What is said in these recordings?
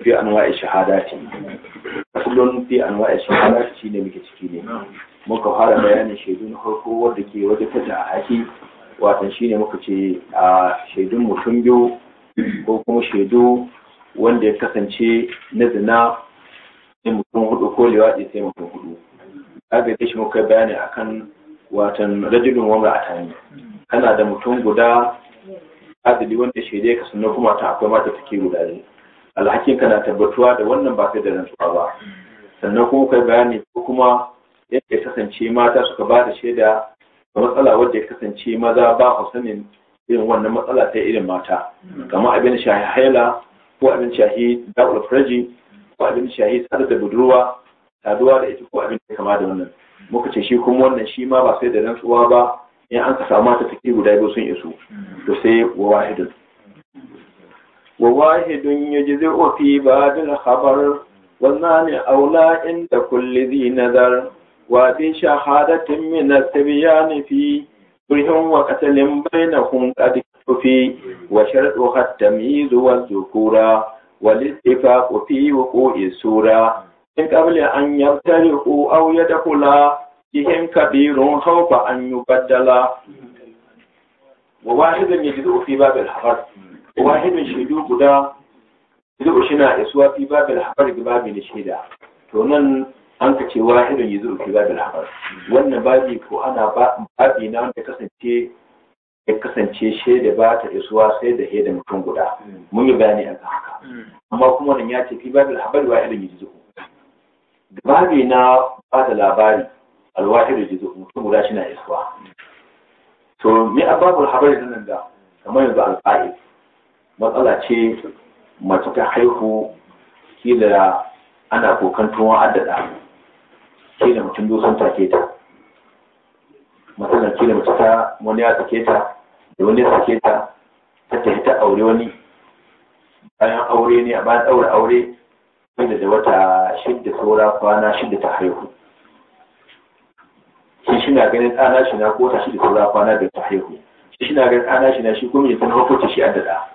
fi anwa'i shahadati kullum fi a shahadati shine muke ciki ne muka fara bayanin shaidun farko wanda ke wajen fata a haki watan shine muka ce a shaidun mutum biyu ko kuma shaidu wanda ya kasance na zina ne mutum hudu ko liwaɗi sai mutum hudu kaga dai shi muka bayani akan watan rajulun a tani kana da mutum guda adali wanda shaidai ka sannan kuma ta akwai mata take guda ne alhakin kana na tabbatuwa da wannan ba kai da rantsuwa ba sannan kuma kai bayani ko kuma yadda ya kasance mata suka ba da shaida ga matsala wadda ya kasance maza ba ku sanin irin wannan matsala ta irin mata kamar abin shahi haila ko abin shahi da'ul farji ko abin shahi sadar da budurwa saduwa da ita ko abin da kama da wannan muka ce shi kuma wannan shi ma ba sai da rantsuwa ba in an ka samu mata take guda biyu sun isu to sai wa wahidun وواحد يجزئ في باب الخبر والمانع أولى عند كل ذي نذر وفي شهادة من التبيان في كلهم وقتل بينهم قد في وشرطها التمييز والذكورة والاتفاق في وقوع السورة من قبل أن يبتلقوا أو يدخلا بهم كبير خوف أن يبدلا وواحد يجزئ في باب الحرب wahidin shaidu guda yuzu shi na isuwa fi babil habar ga da shaida to nan an ka ce wahidin yuzu fi babin habar wannan babi ko ana babi na wanda kasance ya kasance shaida ba ta isuwa sai da shaida mutum guda mun yi bayani a haka amma kuma nan ya ce fi babin habar wahidin yuzu babi na ba da labari alwahidu yuzu mutum guda shi na isuwa to me ababul habar nan da kamar yanzu alqa'id matsala ce mace ta haihu kila ana kokantuwa addada kila mutum biyu sun take ta matsalar kila mace ta wani ya take ta da wani ya take ta ta tafi ta aure wani bayan aure ne a bayan ɗaura aure wanda da wata shidda saura kwana shidda ta haihu shi shina ganin tsana shi na kota ta da saura kwana da ta haihu shi shina ganin tsana shi na shi kuma ya tana hukunci shi addada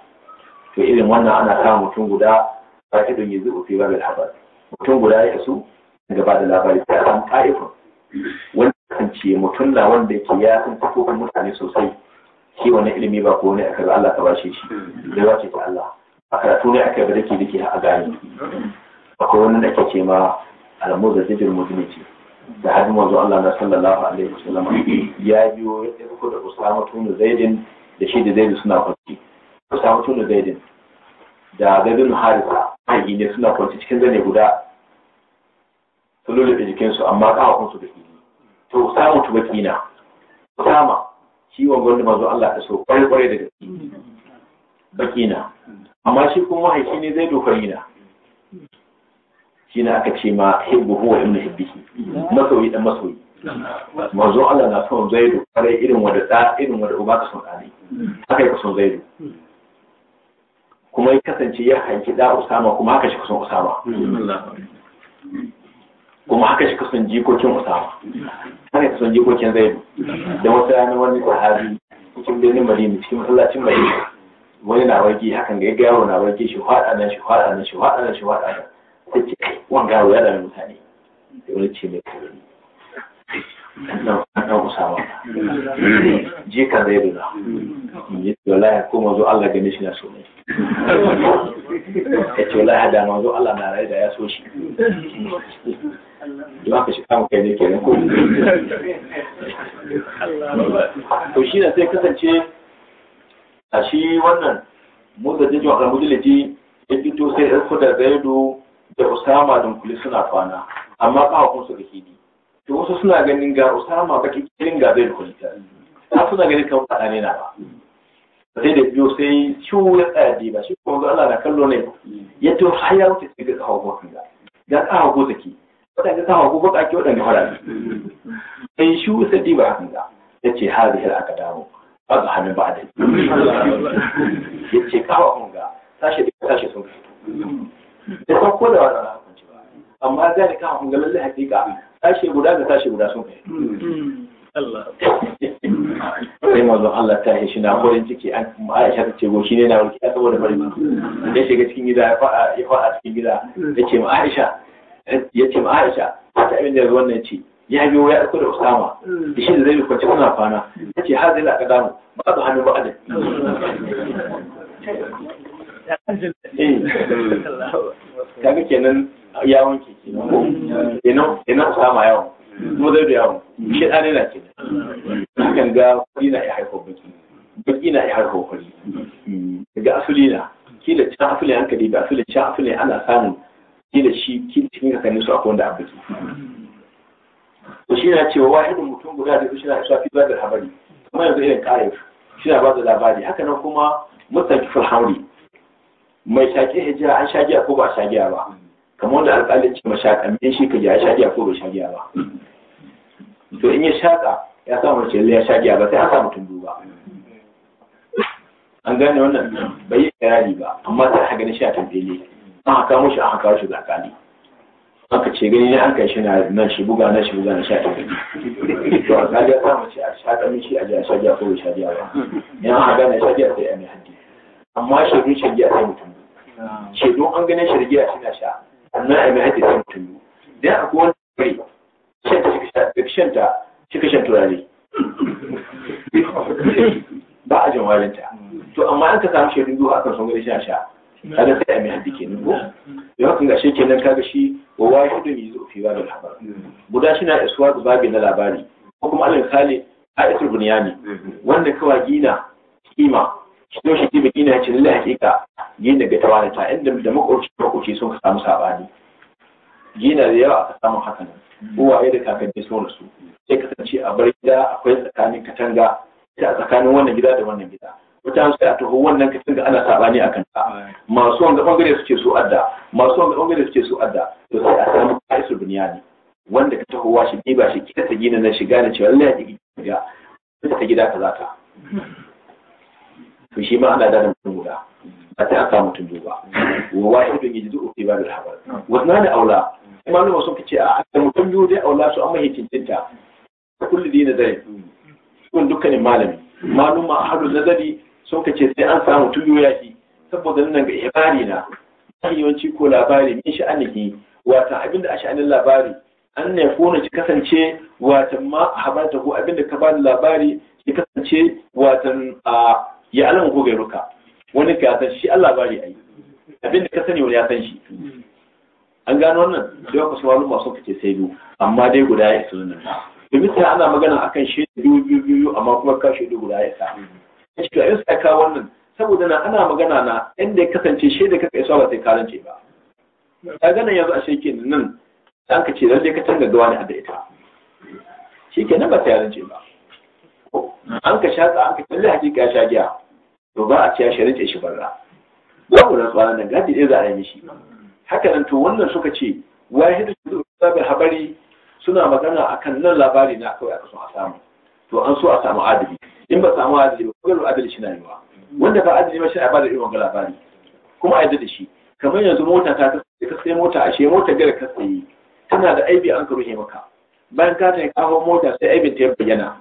to irin wannan ana kama mutum guda ba shi don yi zubu fi babin habari mutum guda ya su daga ba da labari ta an ƙa'ifin wanda kasance mutum na wanda yake ya san kafofin mutane sosai shi wannan ilimi ba ko ne aka ga Allah ka bashe shi da ba ce ta Allah a karatu ne aka yi ba dake dake a gani akwai wannan da ake ce ma da hadin wanzu Allah na sallallahu alaihi wasallam ya biyo ya ɗauko da Usama tunu Zaidin da shi da Zaidin suna kwanci su samu tunu zaidin da zaidin harisa hanyi ne suna kwanci cikin zane guda su lullube jikinsu amma ƙafafunsu da fili to samu tubaki na sama ciwon wanda manzo Allah ta so kwarai kwarai da gaske baki na amma shi kuma mahaifi ne zai dokari na shi na aka ce ma hibbu huwa ibn hibbihi masoyi dan masoyi manzo Allah na son zaidu kwarai irin wanda da irin wanda uba ka son ɗani haka ka son zaidu kuma ya kasance ya haifi da Usama kuma haka shi kusan Usama kuma haka shi kusan jikokin Usama haka kusan jikokin Zaid da wata yana wani sahabi cikin birnin Madina cikin masallacin Madina wani na warki hakan da ya gawo na warki shi hada nan shi hada nan shi hada nan shi hada nan sai ce kai wanga ya da mutane sai wani ce mai kuri. dan Usama mm. jika Zaid da ya ce ya koma zo Allah gani shi na so ne ya ce la da zo Allah na rai da ya so shi za ka kama kai ne kenan ko to shi ne sai kasance a shi wannan motsa jijin wakar mujalaji ya fito sai ya da zaidu da usama da kuli suna kwana amma kawakun su da hidi to wasu suna ganin ga usama baki kikirin ga zaidu kuli ta suna ganin kan faɗa ne na ba sai da biyo sai ciwo ya tsaya da ba shi ko ga Allah na kallo ne ya to har ya wuce sai ga kawo ko kinga ga kawo ko take ga kawo ko baka ki wadanda fara sai shi sai ba kinga yace hadhihi al-aqdamu fadu hanin ba da yace kawo kinga tashi da tashi sun fito da ko ko da wannan hukunci ba ka zalika hunga lalle hakika tashi guda da tashi guda sun fito sai mazan Allah ta shi na farin ciki an Aisha ta ce goshi ne na warki a saboda farin ciki ya shiga cikin gida ya fa'a cikin gida ya ce ma Aisha ya ce ma Aisha ta abin da wannan ci. ya biyo ya aiko da Usama da shi da zai kwanci kuna kwana ya ce har zai la damu, ba su hannu ba adal eh. kaga kenan yawon ke kenan ina Usama yawon mu zai da yawon shi ɗane na ce kan ga kuɗi na ya haifar baki baki na ya haifar fari daga asuli na kila can asuli hankali da asuli can asuli ana samun kila shi kila cikin kakannin su akwai wanda a baki to shi na cewa wahidin mutum guda da shi na shafi ba da habari kuma yanzu irin ƙarif shi na ba da labari haka nan kuma mutan kifar hauri mai shaƙe hijira an shaƙiya ko ba a shaƙiya ba kamar wanda alƙalin ce mashaƙan shi ka ji an shaƙiya ko ba shaƙiya ba to in ya shaƙa ya sa mace ya shaƙi ba sai a sa mutum ba. an gane wannan bai yi tsayari ba amma sai a gani shi a ne an haka mushi an haka shi an ka ce gani ne an kai shi na shi buga na shi buga na sha ta ne. to a ya samu shi a shaƙa ta mishi a shaƙi a sha shaƙi ko sha ba ne an haka na shaƙi a sai an yi haddi amma shaidu shirgiya sai mutum shaidu an ganin shirgiya shi na sha annan a yi haddi sai mutum dan akwai wani duk shanta shi ka shan turare ba a jamalinta to amma an ka samu shaidu biyu kan sun gari sha sha kaga sai a mai haddi kenan ko da haka ga shi kenan kaga shi wa wahidu ne zo fi babin habar guda shi na isuwa ga babi na labari ko kuma alal kale aitul buniyani? wanda kawa gina kima shi ne shi gina ya ce lalle hakika gina ga tawanata inda da makwarci makoci sun samu sabani gina da yawa aka samu hakan ya da kakanni sun su. sai kasance a bar gida akwai tsakanin katanga ta tsakanin wannan gida da wannan gida wata sai a taho wannan katanga ana sabani a kanta masu wanga bangare suke su adda masu wanga bangare suke su adda to sai a samu kaisu ne? wanda ka taho shi ba shi kita ta gina na shiga na cewa lallai a ɗigi gida ta gida ka za ta to shi ma ana da mutum guda a ta aka mutum duba wa wahidun yajzu ba da habar Wasu na da aula malama suka ce a da mutum biyu dai aula su amma hikintinta kullu dina dai kun dukkanin malami a ahadul nazari sun kace ce sai an samu tuyo yaki saboda nan ga ibari na yawanci ko labari min sha'anihi wata abinda a sha'anin labari an ne kona ki kasance watan ma habarta ko abinda ka bani labari ki kasance watan a ya alama ko gairuka wani ka san shi Allah labari ai abinda ka sani wani ya san shi an gano wannan da yawan kasuwa maluma sun fice sai biyu amma dai guda ya isa nan domin sai ana magana akan shaidu biyu biyu amma kuma ka shaidu guda ya isa ya ce to a yasa ka wannan saboda na ana magana na inda ya kasance shaida kaka isa ba sai ka rance ba ta gana yanzu a sheke nan an ka ce lalle ka canza gawa ne a da ita shi ke nan ba ta rance ba an ka shatsa an ka lalle hakika ya sha giya to ba a ce ya sharince shi barra babu rantsuwa nan gadi ɗaya za a yi mishi haka nan to wannan suka ce wahidu shudu sabir habari suna magana akan nan labari na kawai aka son a samu to an so a samu adali in ba samu adali ba kawai adali shi na yiwa wanda ba adali ba shi a bada irin wanga labari kuma a yadda da shi kamar yanzu mota ta ka sai mota ashe mota gara ka sayi tana da aibi an karuhe maka bayan ka ta kawo mota sai aibin ta ya bayyana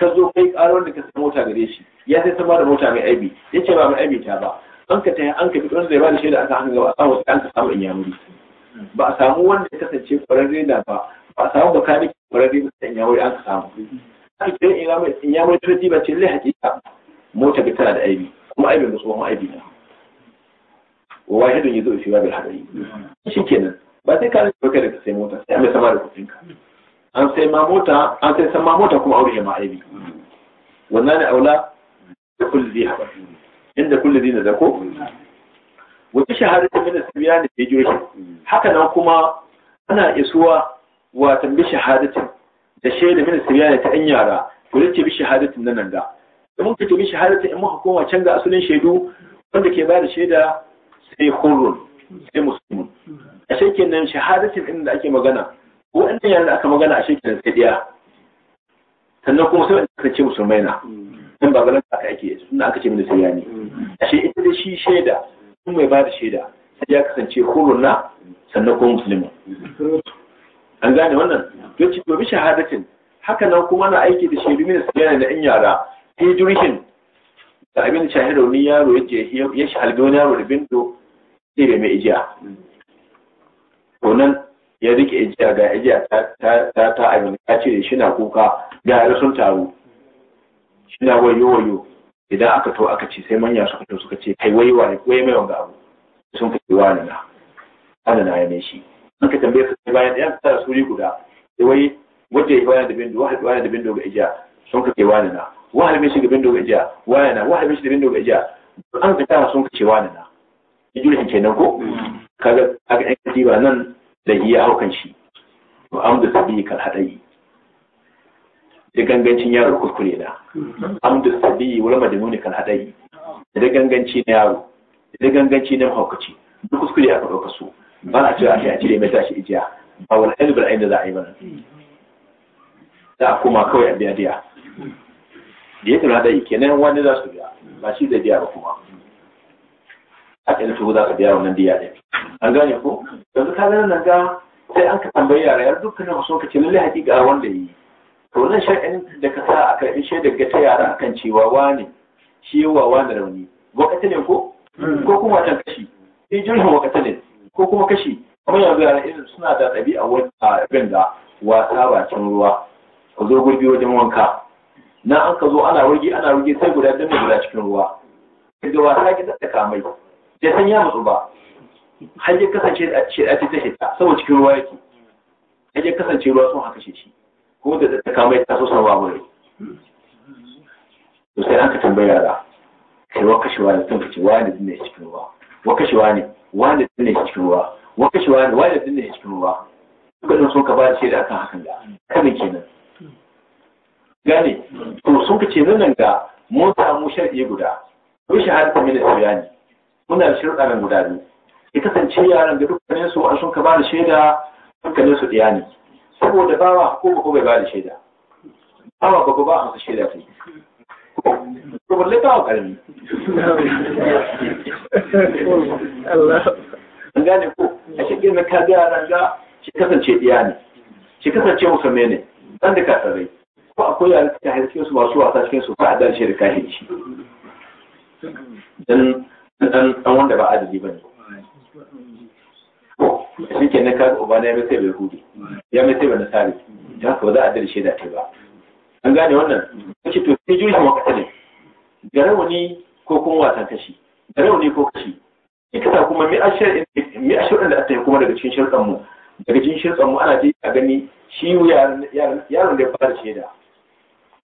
ka zo kai karo da ka sai mota gare shi ya sai sama da mota mai aibi yace ba mai aibi ta ba an ka taya an ka fi da ya ba da shaida aka hanga ba a wasu an ka samu inyamuri ba a samu wanda ya kasance kwararre da ba ba a samu bakaniki kwararre ba ta inyamuri an ka samu an ka tsaye inyamuri ta ba ce lai hakika mota bi tana da aibi kuma aibi da tsohon aibi na wa wahidun zo fi babil hadari kenan, ba sai ka ba kada ka sai mota sai mai sama da kudin ka an sai ma mota an sai sama mota kuma aure ma aibi wannan ne aula da kulli zai haɓa inda kullu dina da ko wata shahadatu ne asbiyani fi jurhi haka nan kuma ana isuwa wa tambi shahadatin da shaida sabiya ne ta an yara to ce bi shahadatin nan da mun kace bi shahadatin in muka koma can ga asalin shaidu wanda ke bada shaida sai hurrun sai a shekin nan shahadatin din da ake magana ko an yaran da aka magana shekin nan sai diya sannan kuma sai wanda kace musulmai na ba galan aka ake sunna aka ce min ne. ashe ita da shi shaida sun mai ba da shaida sai ya kasance na sannan ko musulmi an gane wannan don ci domin shahadatin haka nan kuma na aiki da shaidu min sirri da in yara sai durhin da abin shahida wani yaro ya ya shahalga wani yaro da bindo sai bai mai ijiya to nan ya rike ijiya ga ijiya ta ta ta abin ta ce shi na kuka ga sun taru shi na wayo wayo idan aka to aka ce sai manya suka to suka ce kai wai wani wai mai wanga abu sun ka ce wani na ana na ya shi an ka tambaye su bayan ɗaya ta suri guda sai wai wajen ya wani da bindo wani wani da bindo ga ija sun ka ce wani na wani mai shi ga bindo ga ija wani na wani mai shi da bindo ga ija an ka tara sun ka ce wani na ijirin kenan ko mm. kaga aka yan ba nan da iya haukan shi to an da sabi kal hadayi da gangancin yaro kuskure na amdu sabi wala madnuni kal hadai da ganganci na yaro da ganganci na hawkaci duk kuskure aka dauka su ba a cewa a cire mai tashi ijiya ba wala ilmi bil da za a yi ba da a koma kawai a biya diya da ya tura dai kenan wani za su biya ba shi da biya ba kuma a kai su za su biya wannan diya ne an gane ko yanzu ka nan ga sai an ka tambayi yara yar dukkanin wasu kace lalle lallai hakika wanda yi to wannan shar'in da ka sa a karɓi shaidar ga ta yara kan cewa Wani shi yawa da rauni ne ko hmm. ko kuma wajen kashi in jirgin ne. ko kuma kashi kuma yanzu yara irin suna da ɗabi'a a wajen da wasa bakin ruwa ka zo gurbi wajen wanka na an ka zo ana wurgi ana wurgi sai guda don ne guda cikin ruwa daga wasa ki da kamai da san ya mutu ba har ya kasance a ce ta saboda cikin ruwa yake har ya kasance ruwa sun haka shi ko da ta kama ta so sanwa mai to sai an ka tambayi yara kai wa kashewa ne tun fice wani dinne cikin ruwa wa kashewa ne wani dinne cikin ruwa wa kashewa ne wani dinne cikin ruwa duka sun ka ba da shaida akan hakan da kamin kenan gane to sun ka ce nan ga mun samu sharɗi guda ko shahadatu da al-bayani muna da sharuɗa nan guda biyu ya kasance yaran da dukkanin su an sun ka ba da shaida dukkanin su ɗiya ne saboda bawa ko ko bai bada shaida bawa ko ba amsa shaida sai ko balle ba kalmi Allah an gane ko a cikin na ka ga ran ga shi kasance diya ne shi kasance musulmi ne dan da ka kasarai ko akwai yaran da ta cikin su masu wasa cikin su ba a da shirka shi dan dan wanda ba adali bane shi ke na kaga ubana ya mai bai hudu ya mace bai nasari da haka ba za a dare shaida ta ba an gane wannan kace to sai juyi mu kasale da rauni ko kuma wasan kashi da rauni ko kashi kasa kuma mi ashir mi ashir da ta kuma daga cikin shirkan mu daga cikin shirkan mu ana ji a gani shi yaron yaron da ya fara shaida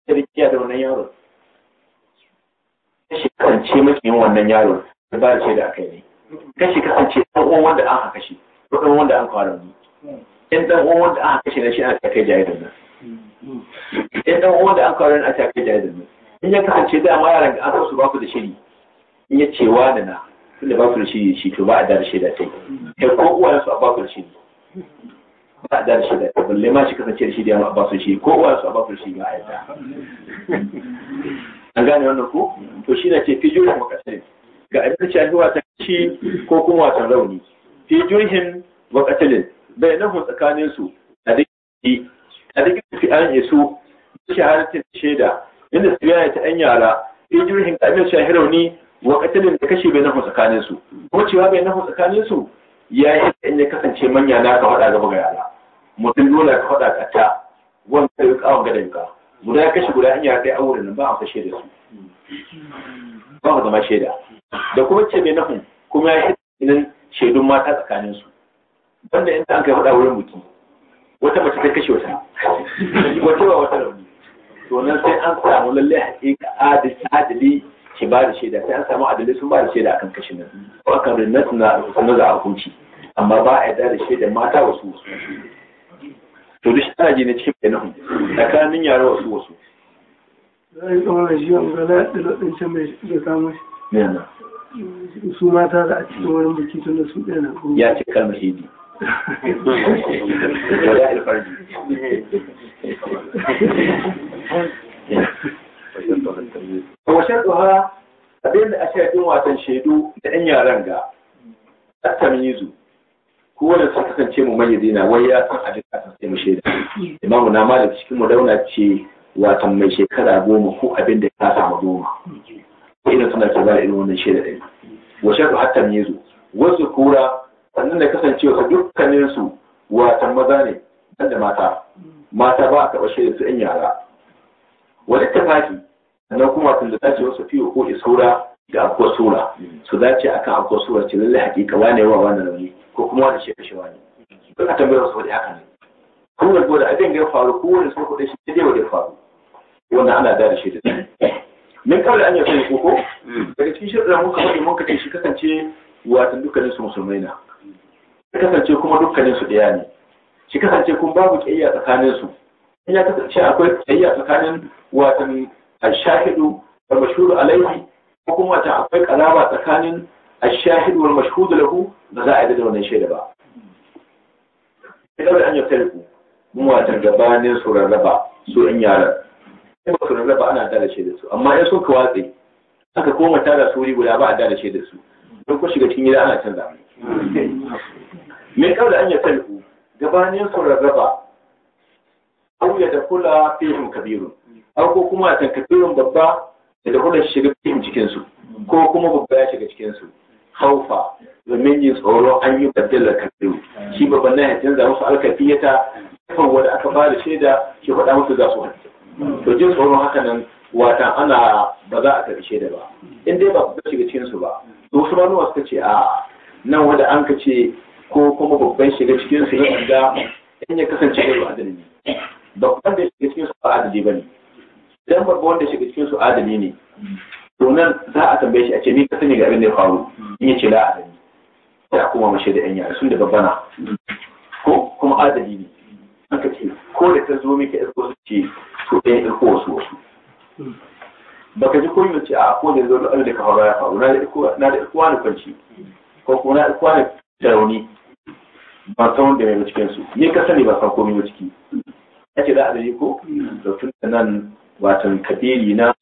sai da wannan yaron kashi kasance makiyin wannan yaron da ba da shaida kai ne kashi kasance ɗan uwan wanda an haka shi rukun wanda an fara rauni in dan uwa wanda aka kashe da shi aka kai jahilin nan in dan uwan wanda an kawo ni aka kai jahilin nan in ya kasance ma yaran ga an su ba ku da shiri in ya ce wa da na tunda ba ku da shiri shi to ba a da shaida ta yi ko uwayen su a ba ku da shiri ba a da shaida ta balle ma shi kasance da shi da yawa ba su shi ko uwayen su a ba ku da shiri ba a yadda an gane wannan ko to shi na ce fijiyoyin makasai ga abin da shafi wasan ko kuma wasan rauni fi jurhin wa qatlin bainahum tsakanin su a dake a dake fi an yasu shahadatin shaida inda su yaya ta an yara fi jurhin ka amir shahirauni wa katilin da kashe bainahum tsakanin su kuma cewa bainahum tsakanin su yi in ya kasance manya na ka faɗa gaba ga yara mutum dole ka faɗa ka ta wanda ya kawo gadan ka guda ya kashe guda an yara dai auren nan ba a fashe da su ba mu zama shaida da kuma ce bainahum kuma ya yi shaidun mata tsakanin su wanda yadda an kai faɗa wurin mutum wata mace ta kashe wata wata ba wata rauni to nan sai an samu lalle haƙiƙa adali ke ba da shaida sai an samu adali sun ba da shaida akan kashe nan ko akan rinnat na na za a hukunci amma ba a yarda da shaida mata wasu wasu to duk ana ji ne cikin bayanan tsakanin yara wasu wasu zai zama shi wanda da ɗin can bai samu su mata za a ci wani biki tun da su ɗaya na ya ci kalmar hidi a alfarji washe duha abin da ake yakin watan shaidu da ɗan yaran ga attamizu ko wanda su kasance mu mayyadina wai ya san abin da sai mu shaida imamu na malik cikin mu dauna ce watan mai shekara goma ko abin da ya samu goma ina suna ke ba irin wannan shaida ɗin wa shaɗu hatta ne zo wasu kura sannan da kasancewa dukkaninsu watan maza ne da mata mata ba a taɓa shaida su ɗan yara wani tafaki sannan kuma tun da dace wasu fiye ko isaura ga akwa sura su dace akan akwa sura ce lallai hakika ne wa wani rauni ko kuma wani shi kashe wani ko a tambayar su wani haka ne kuma da abin ya faru ko wani sun kuɗe shi daidai wa ya faru wannan ana da shi da min kawai an yasa ko koko? daga cikin shirin ramu kamar da muka ce shi kasance wato dukkanin su musulmai na kasance kuma dukkanin su ɗaya ne shi kasance kuma babu ƙiyayya tsakanin su in ya kasance akwai ƙiyayya tsakanin wato ashahidu wal mashhuru alaihi ko kuma ta akwai karaba tsakanin ashahidu wal mashhudu lahu da za a yi da wannan shaida ba kawai an yasa ko mu wato gabanin su rarraba su in yaran sai ba su rarraba ana da da su amma in sun ka watse aka koma tara su wuri guda ba a da da su don ko shiga cikin gida ana canza Me kawai da yi talhu gabanin su rarraba au ya da kula fihim Kabiru, au ko kuma a san kabirun babba ya da shiga fihim cikinsu ko kuma babba ya shiga cikinsu haufa domin yin tsoro an yi baddalar kabiru shi babban na ya canza musu alkafiyata kafin wanda aka ba da shaida ke faɗa musu za su hanci to jin tsoron haka nan wata ana ba za a karshe da ba in dai ba ku shiga cikin su ba to wasu ranuwa suka ce a nan wanda an ka ce ko kuma babban shiga cikin su wanda in ya kasance da adali ne babban da shiga cikin su ba adali ba ne idan babban wanda shiga cikin su adali ne to nan za a tambaye shi a ce ni ka sani ga abin da ya faru in ya ce la adali sai a koma da yanya yara da babbana ko kuma adali ne aka ce ko da ta zo miki su ce so ɗaya ɗin ko wasu wasu hmm. ka ji ko yin ce a ah, ko da zo Allah da ka faru ya faru na da ikuwa na kwanci ko kuma na ikuwa na tarauni ba san wanda ya yi su ni ka sani ba san komai ba ciki ya ce da a yi ko da hmm. tun da nan watan kabiri na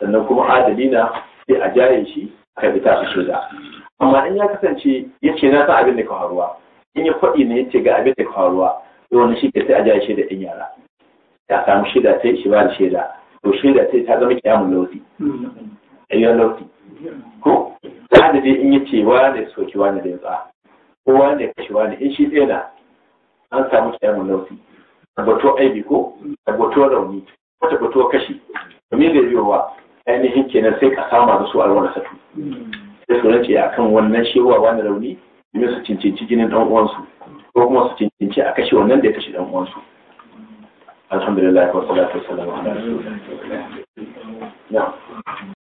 sannan kuma adali na sai a jaye shi aka bi ta su soja. amma in ya kasance ya ce na san abin da ka faruwa in ya faɗi ne ya ce ga abin da ka faruwa to wani shi ke sai a jaye shi da ɗan yara ya samu shida ta shi ba da shaida to shaida ta ta zama kiyamun lauti ayyuan lauti ko ta da dai in yi ce wa da soki wani da yatsa ko wani da kashi ne? in shi tsena an samu kiyamun lauti tabbato aibi ko tabbato rauni ko tabbato kashi domin da yiwuwa ainihin kenan sai ka samu da su alwala satu sai su rance a kan wannan shewa wani rauni domin su cincinci jinin ɗan uwansu ko kuma su cincinci a kashe wannan da ya kashe ɗan uwansu الحمد لله والصلاة والسلام على رسول الله